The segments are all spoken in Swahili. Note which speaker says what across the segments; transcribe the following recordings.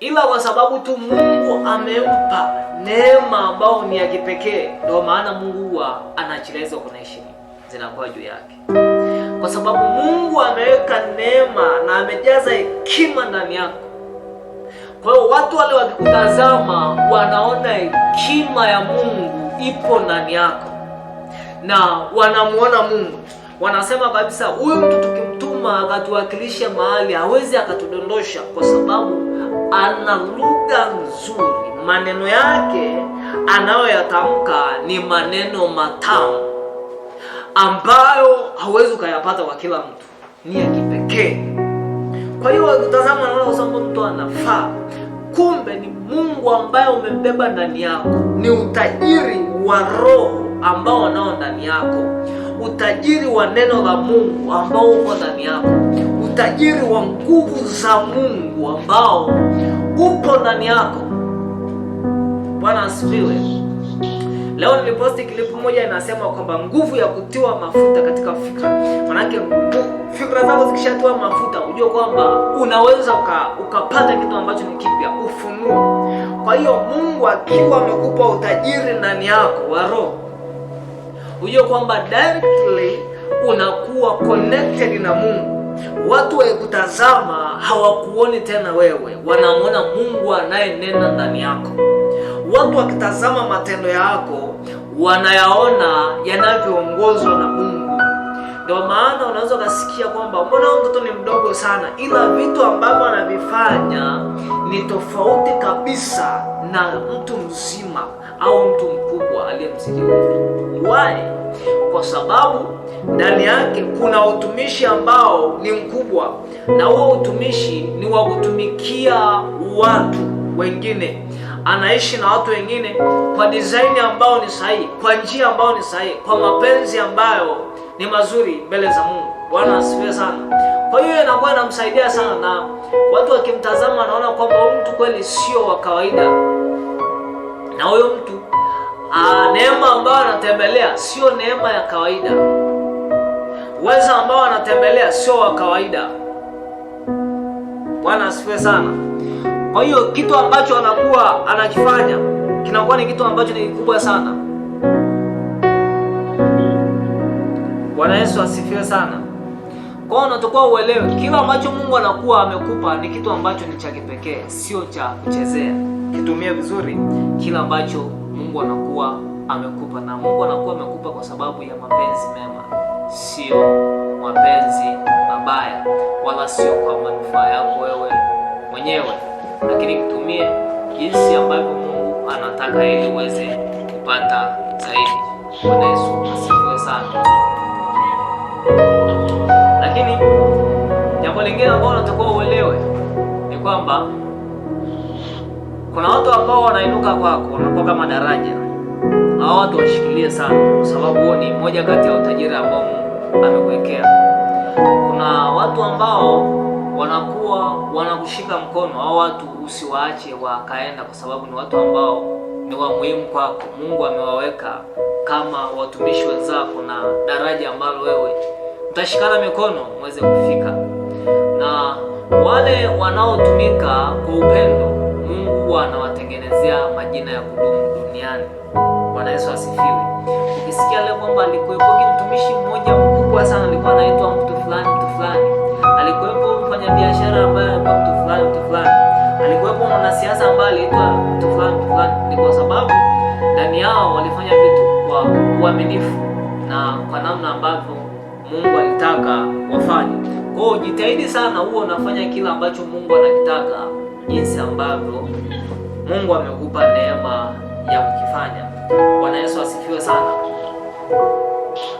Speaker 1: ila kwa sababu tu Mungu amempa neema ambayo ni ya kipekee, ndio maana Mungu huwa anachileza kuna heshima zinakuwa juu yake, kwa sababu Mungu ameweka neema na amejaza hekima ndani yako. Kwa hiyo watu wale wakikutazama, wanaona hekima ya Mungu ipo ndani yako na wanamuona Mungu, wanasema kabisa, huyu mtu tukimtuma akatuwakilisha mahali hawezi akatudondosha, kwa sababu ana lugha nzuri, maneno yake anayoyatamka ni maneno matamu ambayo hawezi ukayapata kwa kila mtu, ni ya kipekee. Kwa hiyo wakitazama, naona kwamba mtu anafaa, kumbe ni Mungu ambaye umebeba ndani yako, ni utajiri wa roho ambao wanao ndani yako, utajiri wa neno la Mungu ambao uko ndani yako utajiri wa nguvu za Mungu ambao upo ndani yako. Bwana asifiwe. Leo niliposti klipu moja inasema kwamba nguvu ya kutiwa mafuta katika fikra. Maanake fikra zako zikishatiwa mafuta, ujue kwamba unaweza uka, ukapata kitu ambacho ni kipya, ufunuo. Kwa hiyo Mungu akiwa amekupa utajiri ndani yako wa roho, ujue kwamba directly unakuwa connected na Mungu watu waikutazama hawakuoni tena wewe, wanamwona Mungu anayenena ndani yako. Watu wakitazama matendo yako wanayaona yanavyoongozwa na Mungu ndio maana unaweza ukasikia kwamba mbona huyu mtoto ni mdogo sana, ila vitu ambavyo anavifanya ni tofauti kabisa na mtu mzima au mtu mkubwa aliyemzidi Why? Kwa sababu ndani yake kuna utumishi ambao ni mkubwa, na huo utumishi ni wa kutumikia watu wengine anaishi na watu wengine kwa design ambao ni sahihi, kwa njia ambao ni sahihi, kwa mapenzi ambayo ni mazuri mbele za Mungu. Bwana asifiwe sana. Kwa hiyo inakuwa inamsaidia sana, na watu wakimtazama wanaona kwamba huyu mtu kweli sio wa kawaida, na huyo mtu ah, neema ambayo anatembelea sio neema ya kawaida, uweza ambao anatembelea sio wa kawaida. Bwana asifiwe sana. Kwa hiyo kitu ambacho anakuwa anakifanya kinakuwa ni kitu ambacho ni kikubwa sana. Bwana Yesu asifiwe sana. Kwa hiyo unatakiwa uelewe kila ambacho Mungu anakuwa amekupa ni kitu ambacho ni cha kipekee, sio cha kuchezea.
Speaker 2: Kitumie vizuri
Speaker 1: kila ambacho Mungu anakuwa amekupa, na Mungu anakuwa amekupa kwa sababu ya mapenzi mema, sio mapenzi mabaya, wala sio kwa manufaa yako wewe mwenyewe, lakini kitumie jinsi ambavyo Mungu anataka ili uweze kupata zaidi. Bwana Yesu asifiwe sana. Lakini jambo lingine ambalo unatakiwa uelewe ni kwamba kuna watu ambao wanainuka kwako wanakuwa kama daraja. Hawa watu washikilie sana, kwa sababu ni moja kati ya utajiri ambao Mungu amekuwekea. Kuna watu ambao wanakuwa wanakushika mkono. Hao watu usiwaache wakaenda, kwa sababu ni watu ambao ni wa muhimu kwako. Mungu amewaweka kama watumishi wenzako na daraja ambalo wewe mtashikana mikono mweze kufika, na wale wanaotumika kwa upendo, Mungu huwa anawatengenezea majina ya kudumu duniani. Bwana Yesu asifiwe. Ukisikia leo kwamba alikuwepo mtumishi mmoja mkubwa sana, alikuwa anaitwa mtu fulani mtu fulani, alikuwepo biashara ambaye alikuwa mtu fulani mtu fulani, alikuwepo mwanasiasa ambaye aliitwa mtu fulani mtu fulani. Ni kwa sababu ndani yao walifanya vitu kwa uaminifu na kwa namna ambavyo Mungu alitaka wafanye. Kwa hiyo jitahidi sana uwe unafanya kila ambacho Mungu anakitaka jinsi ambavyo Mungu amekupa neema ya kukifanya. Bwana Yesu asifiwe sana.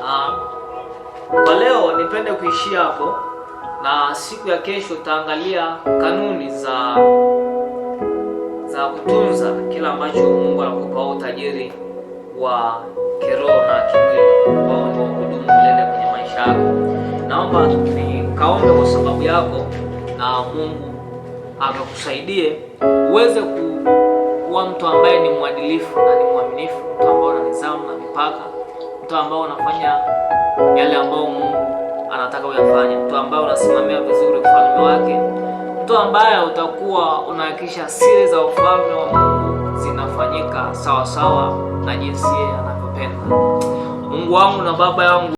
Speaker 1: Ah, kwa leo nipende kuishia hapo na siku ya kesho tutaangalia kanuni za za kutunza kila ambacho Mungu anakupa utajiri wa ni nikaombe kwa sababu yako na Mungu akakusaidie uweze ku, kuwa mtu ambaye ni mwadilifu na ni mwaminifu, mtu ambaye na nidhamu na mipaka, mtu ambaye unafanya yale ambayo Mungu anataka uyafanye, mtu ambaye unasimamia vizuri ufalme wake, mtu ambaye utakuwa unahakikisha siri za ufalme wa Mungu zinafanyika sawasawa na jinsi yeye anavyopenda. Mungu wangu na Baba yangu